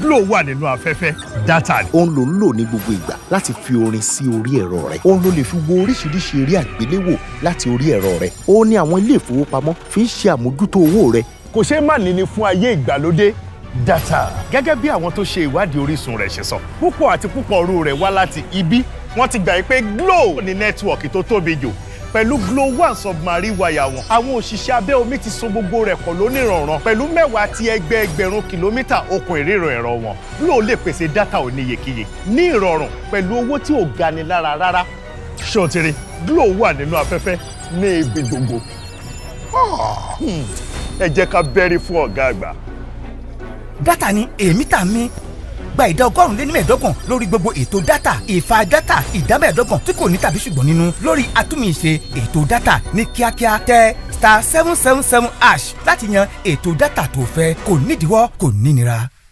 Glo wà nínú afẹ́fẹ́ dátà ni. òun ló ń lò ní gbogbo ìgbà láti fi orin sí orí ẹ̀rọ rẹ̀. òun ló lè fi wo oríṣiríṣi eré àgbéléwò láti orí ẹ̀rọ rẹ̀. ó ní àwọn ilé ìfowópamọ́ fi ń ṣe àmójútó owó rẹ̀. kò ṣeé má ní ni fún ayé ìgbàlódé dátà. gẹ́gẹ́ bí àwọn tó ṣe ìwádìí Orísun rẹ̀ ṣe sọ púpọ̀ àti púpọ̀ ru rẹ̀ wá láti ibi wọ́n ti gbà pé Glo ní nẹ́tíwọ̀kì tó tóbi jù pẹ̀lú Glo One submarine wire wọn. àwọn òṣìṣẹ́ abẹ́ omi ti so gbogbo rẹ̀ pọ̀ lónìrànràn pẹ̀lú mẹ́wàá ti ẹgbẹ́ ẹgbẹ̀rún kìlómítà okùn ìríran ẹ̀rọ wọn. Glo lè pèsè dátà oníyekíye ní ìrọ̀rùn pẹ̀lú owó tí ò gani lára rárá. ṣé o ti rí Glo wà nínú afẹ́fẹ́ ní ibi gbogbo. Hmm. ẹ jẹ́ ká bẹ́rí fún ọ̀gá àgbà. dátà ni èmi tà mí gba ìdá ọgọ́rùn lé ní mẹ́ẹ̀ẹ́dọ́gbọ̀n lórí gbogbo ètò dátà ìfà dátà ìdá mẹ́ẹ̀ẹ́dọ́gbọ̀n tí kò ní tàbí ṣùgbọ́n nínú lórí atúmìṣe ètò dátà ní kíákíá tẹ star seven seven seven hash láti yan ètò dátà tó fẹ́ kò nídìíwọ́ kò nínira.